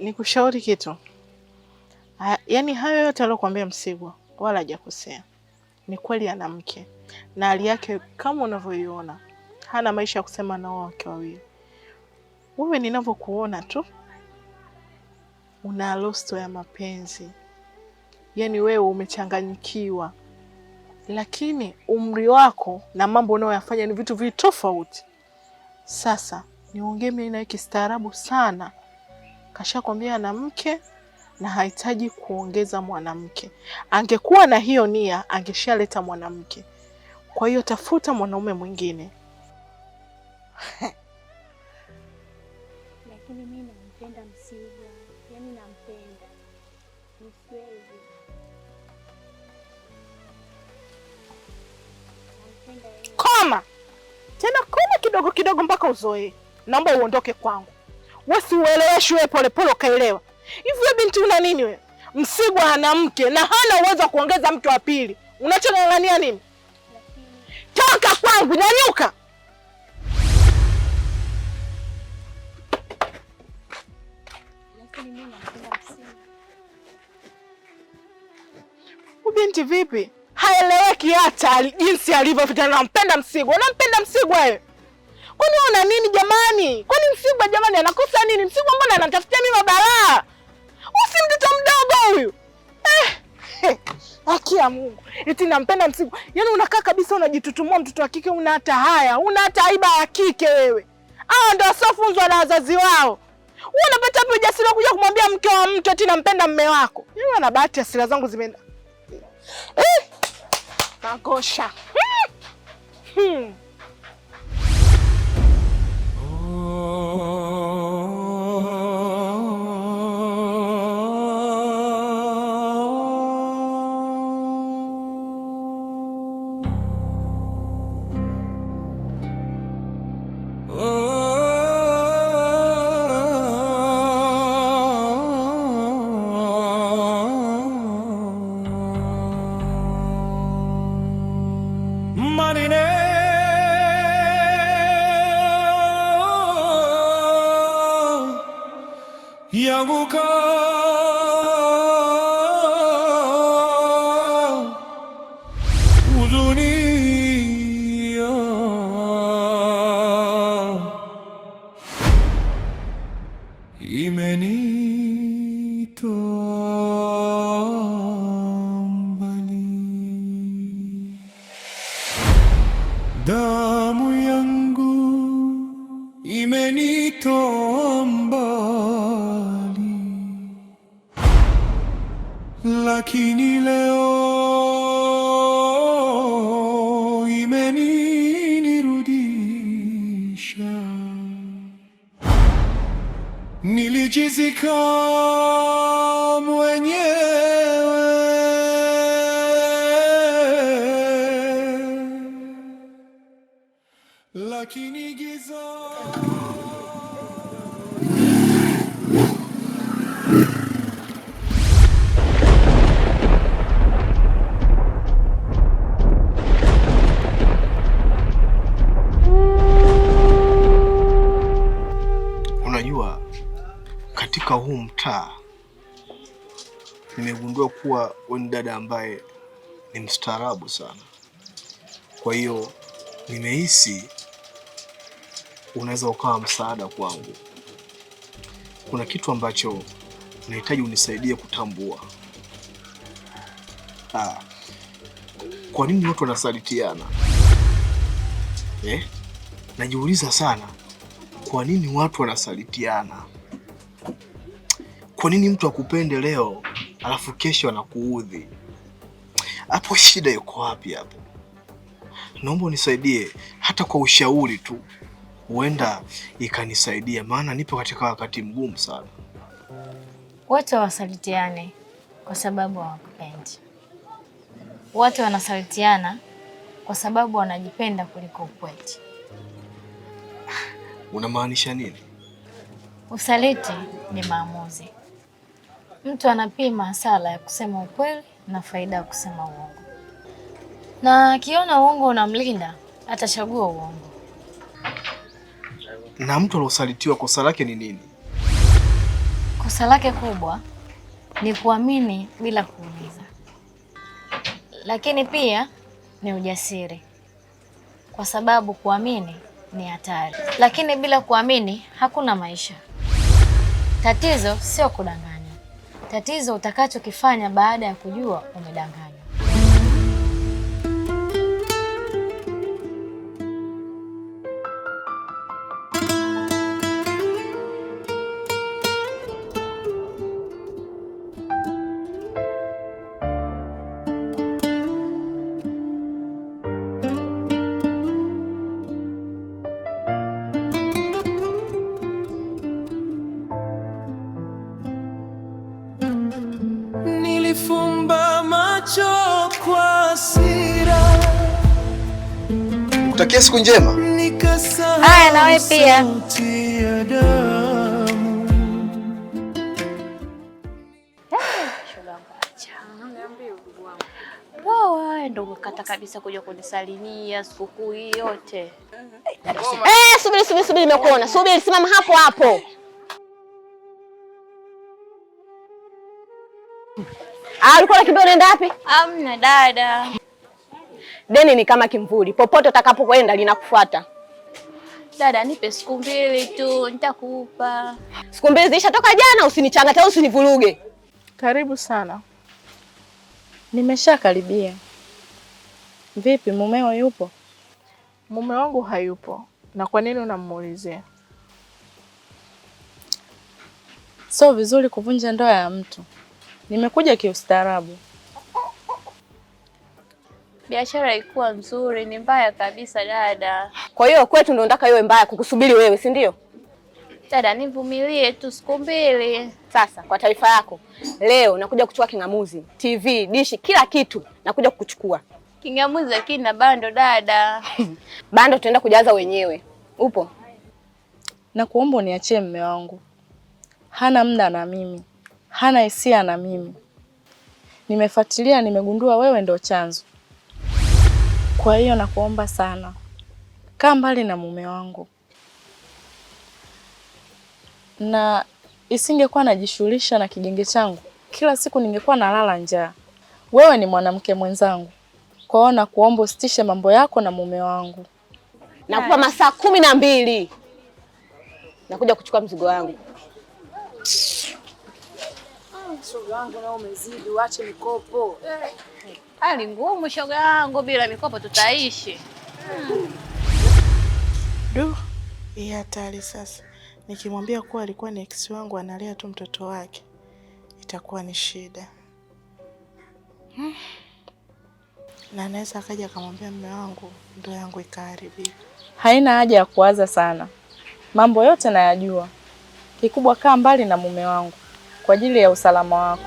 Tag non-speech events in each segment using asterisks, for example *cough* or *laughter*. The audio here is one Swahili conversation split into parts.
nikushauri kitu ha, yani hayo yote aliyokuambia Msigwa wala hajakosea. Ni kweli ana mke na hali yake kama unavyoiona, hana maisha ya kusema nao wake wawili. Wewe ninavyokuona tu una losto ya mapenzi, yaani wewe umechanganyikiwa, lakini umri wako na mambo unayoyafanya ni vitu vitofauti. Sasa niongee mimi naye kistaarabu sana kashakwambia na mke na hahitaji kuongeza mwanamke. Angekuwa na hiyo nia angeshaleta mwanamke. Kwa hiyo tafuta mwanaume mwingine. Lakini mimi nampenda Msigwa, yaani nampenda, nisiwezi koma tena, koma kidogo kidogo mpaka uzoee. Naomba uondoke kwangu wasiueleweshwe polepole ukaelewa. Hivi wewe binti una nini wewe? Msigwa ana mke na hana uwezo wa kuongeza mke wa pili, unachong'ang'ania nini? Toka kwangu, nyanyuka! Ubinti vipi, haeleweki hata jinsi alivyo. Nampenda Msigwa, unampenda Msigwa wewe? Kwani wewe una nini jamani? Kwani Msigwa jamani anakosa nini? Msigwa mbona anatafutia mimi mabalaa? Usi mtoto mdogo huyu. Eh, eh. Haki ya Mungu. Eti nampenda Msigwa. Yaani unakaa kabisa unajitutumua mtoto wa kike una hata haya, una hata aiba ya kike wewe. Hawa ndio wasiofunzwa na wazazi wao. Wewe unapata hapo ujasiri wa kuja kumwambia mke wa mtu eti nampenda mume wako. Yeye yaani ana bahati hasira zangu zimeenda. Eh. Magosha. Hmm. Hmm. money now. ربك أذني إيماني تنبلي دام ينجو إيماني تنبلي lakini leo imeninirudisha. Nilijizika taa, nimegundua kuwa wewe ni dada ambaye ni mstaarabu sana. Kwa hiyo nimehisi unaweza ukawa msaada kwangu. Kuna kitu ambacho nahitaji unisaidie kutambua. Ah, kwa nini watu wanasalitiana eh? Najiuliza sana, kwa nini watu wanasalitiana? Kwa nini mtu akupende leo alafu kesho anakuudhi? Hapo shida yuko wapi hapo? Naomba unisaidie hata kwa ushauri tu, huenda ikanisaidia, maana nipo katika wakati mgumu sana. Wote wasalitiane kwa sababu hawakupendi. Wote wanasalitiana kwa sababu wanajipenda kuliko ukweli. Unamaanisha nini? Usaliti ni maamuzi mtu anapima hasara ya kusema ukweli na faida ya kusema uongo, na akiona uongo unamlinda atachagua uongo. Na mtu aliosalitiwa kosa lake ni nini? Kosa lake kubwa ni kuamini bila kuuliza, lakini pia ni ujasiri, kwa sababu kuamini ni hatari, lakini bila kuamini hakuna maisha. Tatizo sio kudanganya Tatizo utakachokifanya baada ya kujua umedanganya. siku njema. Haya, na wewe pia. Ndo umekata kabisa kuja kunisalimia sikukuu hii yote. Eh, subiri subiri subiri, nimekuona. Subiri, simama hapo hapo. Ah, ulikuwa kibio, unaenda wapi? Amna dada deni ni kama kimvuli, popote utakapokwenda linakufuata. Dada, nipe siku mbili tu, nitakupa. Siku mbili toka jana, usinichangate, usinivuruge. Karibu sana. Nimeshakaribia. Vipi, mumeo yupo? Mume wangu hayupo. Na kwa nini unamuulizia? Sio vizuri kuvunja ndoa ya mtu. Nimekuja kiustaarabu biashara haikuwa nzuri, ni mbaya kabisa dada. Kwa hiyo kwetu ndio nataka iwe mbaya, kukusubiri wewe, si ndio? Dada, nivumilie tu siku mbili. Sasa kwa taarifa yako, leo nakuja kuchukua king'amuzi, TV, dishi, kila kitu nakuja kukuchukua. King'amuzi lakini na bando dada. *laughs* Bando tunaenda kujaza wenyewe. Upo? kuomba uniachie mme wangu, hana muda na mimi, hana hisia na mimi. Nimefuatilia, nimegundua wewe ndo chanzo. Kwa hiyo nakuomba sana, kaa mbali na mume wangu, na isingekuwa najishughulisha na kigenge changu kila siku ningekuwa nalala njaa. Wewe ni mwanamke mwenzangu, kwa hiyo nakuomba usitishe mambo yako na mume wangu. Nakupa masaa kumi na mbili nakuja kuchukua mzigo wangu. Ah, mzigo wangu nao umezidi, uache mikopo hali ngumu, shoga yangu, bila mikopo tutaishi. hmm. Du, hii hatari sasa. Nikimwambia kuwa alikuwa ni ex wangu analea tu mtoto wake itakuwa ni shida. hmm. na anaweza akaja akamwambia mume wangu, ndoa yangu ikaharibika. Haina haja ya kuwaza sana, mambo yote nayajua. Kikubwa kaa mbali na mume wangu kwa ajili ya usalama wako.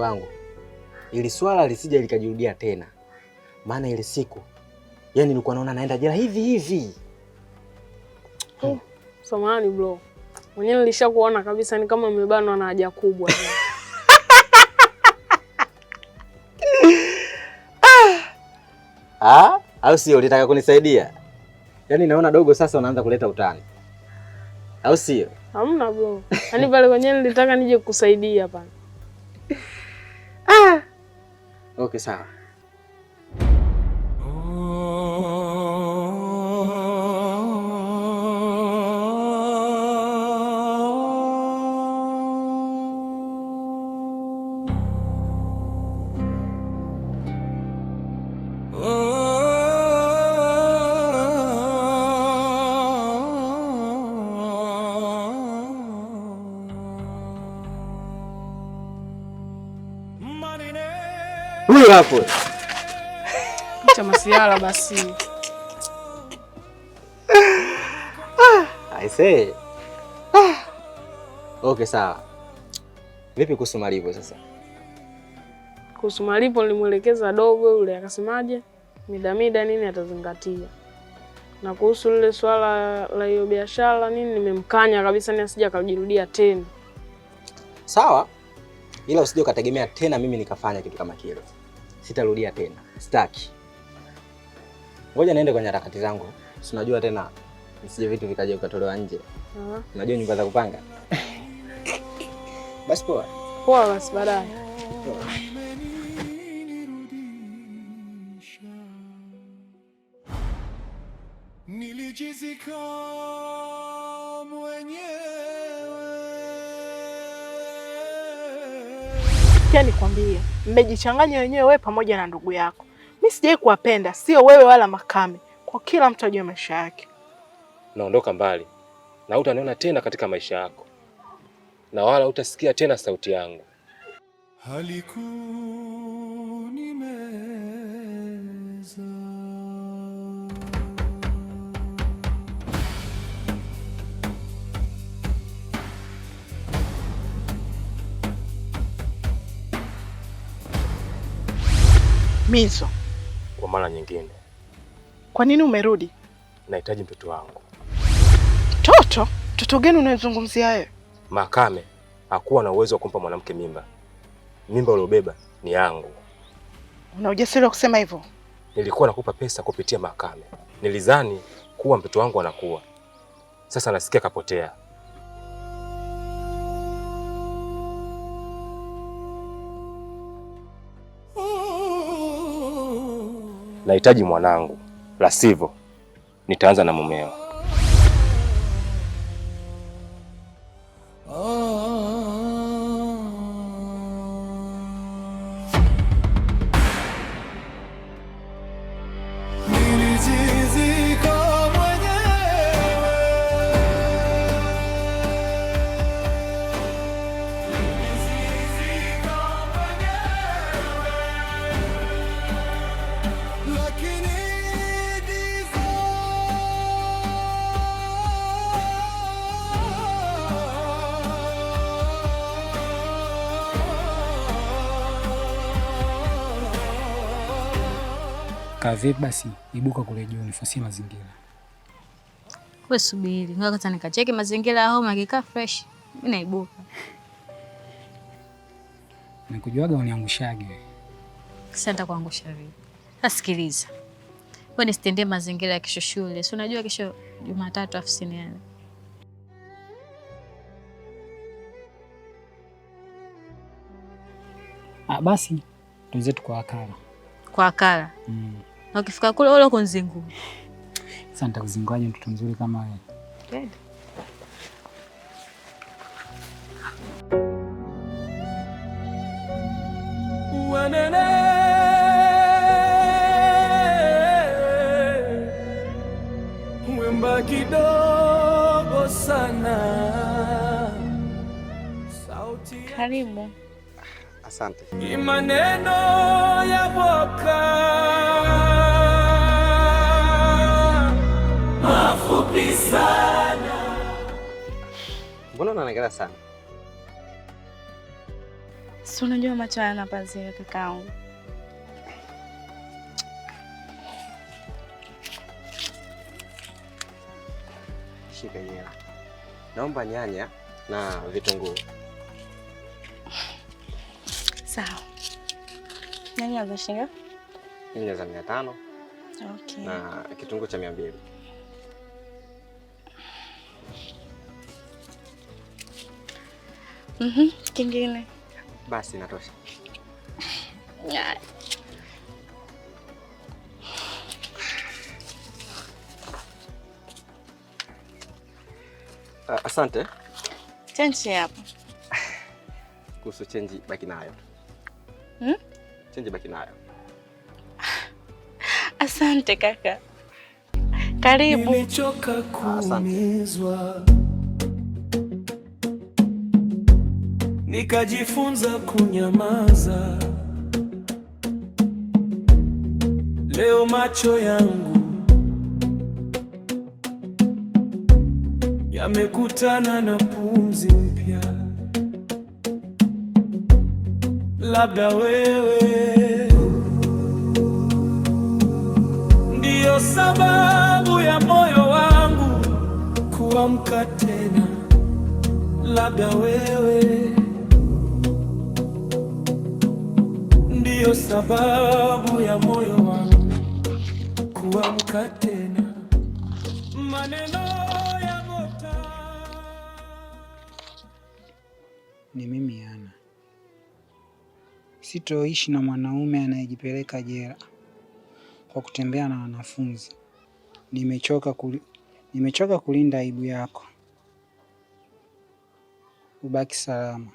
wangu, ili swala lisije likajirudia tena, maana ile siku yani nilikuwa naona naenda jela hivi hivi. Hmm. Samahani bro, mwenyewe nilishakuona kabisa ni kama umebanwa na haja kubwa. *laughs* Ah, au sio? Ulitaka kunisaidia? Yaani naona dogo sasa unaanza kuleta utani, au sio? Hamna bro, yaani pale kwenyewe nilitaka nije kukusaidia hapa. que sa hiyo hapo cha masiala basi. Ah, I say. Ah. Okay, sawa. Vipi kuhusu malipo sasa? Kuhusu malipo nilimwelekeza dogo yule, akasemaje mida mida nini atazingatia, na kuhusu lile swala la hiyo biashara nini nimemkanya kabisa, ni asija akajirudia tena. Sawa, ila usije ukategemea tena mimi nikafanya kitu kama kile sitarudia tena, sitaki. Ngoja niende kwenye harakati zangu, si unajua tena, msije vitu vikaja ukatolewa nje. uh Unajua nyumba za kupanga. *laughs* Basi poa. Poa basi baadaye. Nilijizika mwenyewe. Nikwambie mmejichanganya wenyewe, wewe pamoja na ndugu yako. Mi sijai kuwapenda, sio wewe wala Makame, kwa kila mtu ajue maisha yake. Naondoka mbali na utaniona tena katika maisha yako, na wala utasikia tena sauti yangu Haliku. Minso. kwa mara nyingine, kwa nini umerudi? Nahitaji mtoto wangu. Toto? Mtoto gani unayezungumzia wewe? Makame hakuwa na uwezo wa kumpa mwanamke mimba. Mimba uliobeba ni yangu. Una ujasiri wa kusema hivyo? Nilikuwa nakupa pesa kupitia Makame, nilizani kuwa mtoto wangu anakuwa sasa, nasikia kapotea. nahitaji mwanangu, la sivyo nitaanza na mumeo. kukaa vipi? Basi ibuka kule juu nifasie mazingira. Wewe subiri ngoja kwanza nikacheki mazingira ya homa, akikaa fresh mimi naibuka. Nikujuaga uniangushage. Sasa nitakuangusha vipi? sikiliza, wewe nisitendee mazingira ya kesho shule, si unajua kesho Jumatatu afisini yale Ah, basi tuenzetu kwa wakala kwa wakala mm. Na ukifika kule ule kunzingua. Sasa nitakuzinguaje mtoto mzuri kama wewe? Mwemba kidogo sana. Sauti. Karibu. Asante. Imaneno ya boka fupi sana. Mbona unaonekana sana? Si unajua macho yana pazia kakaangu. Shika hela. Naomba nyanya na vitunguu. Sawa. Nyanya za shilingi? Nyanya za mia tano. Okay. Na kitunguu cha mia mbili. Mhm. kingine basi natosha. Uh, ah, asante. Chenji hapo. *laughs* Kuhusu chenji baki nayo. Hmm? Chenji baki nayo. *laughs* Asante kaka. Karibu. Nimechoka ah, kuumizwa. nikajifunza kunyamaza. Leo macho yangu yamekutana na pumzi mpya. Labda wewe ndiyo sababu ya moyo wangu kuamka tena. Labda wewe ndiyo sababu ya moyo wangu kuamka tena. Maneno ya Mota. Ni mimi Ana, sitoishi na mwanaume anayejipeleka jela kwa kutembea na wanafunzi. Nimechoka kuli... nimechoka kulinda aibu yako. Ubaki salama.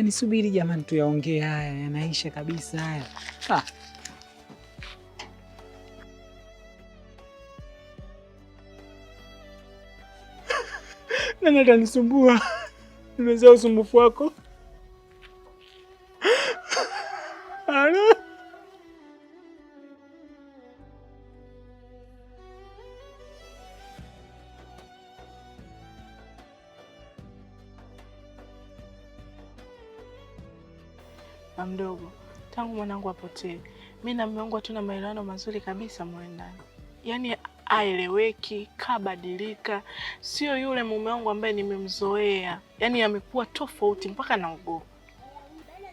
Yaani subiri jamani, tuyaongee haya, yanaisha kabisa haya. Ah. *laughs* Nani atanisumbua? *laughs* Nimezea usumbufu wako. wangu apotee. Mimi na mume wangu hatuna maelewano mazuri kabisa mwendani, yaani aeleweki, kabadilika, sio yule mume wangu ambaye nimemzoea. Yaani amekuwa tofauti mpaka naogopa,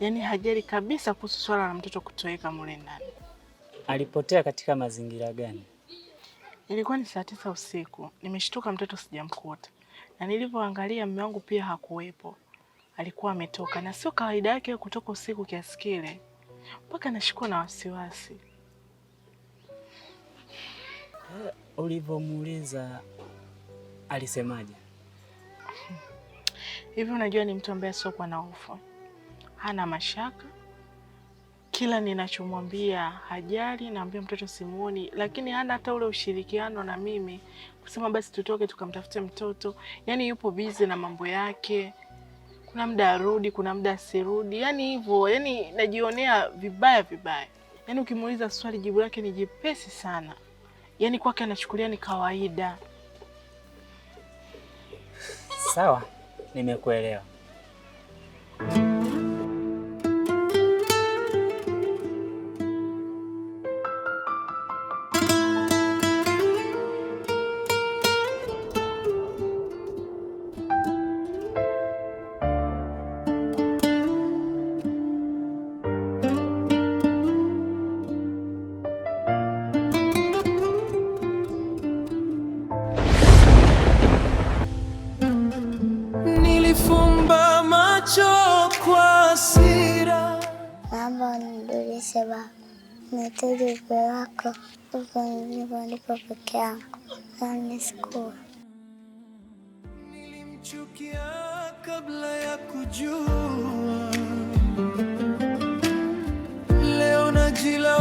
yaani hajali kabisa kuhusu swala la mtoto kutoweka mule ndani. Alipotea katika mazingira gani? Ilikuwa ni saa tisa usiku, nimeshtuka mtoto sijamkuta, na nilivyoangalia mume wangu pia hakuwepo, alikuwa ametoka, na sio kawaida yake kutoka usiku kiasi kile mpaka nashikwa na wasiwasi. Ulivyomuuliza alisemaje? Hivi unajua, ni mtu ambaye asiokuwa na hofu, hana mashaka. Kila ninachomwambia hajali, naambia mtoto simuoni, lakini hana hata ule ushirikiano na mimi kusema basi tutoke tukamtafute mtoto. Yaani yupo bizi na mambo yake kuna muda arudi, kuna muda asirudi, yani hivyo, yani najionea vibaya vibaya. yani ukimuuliza swali jibu lake ni jepesi sana, yani kwake anachukulia ni kawaida. Sawa, nimekuelewa. nahitaji ujio wako hivyo nipo peke yangu anisukua. Nilimchukia kabla ya kujua leo najila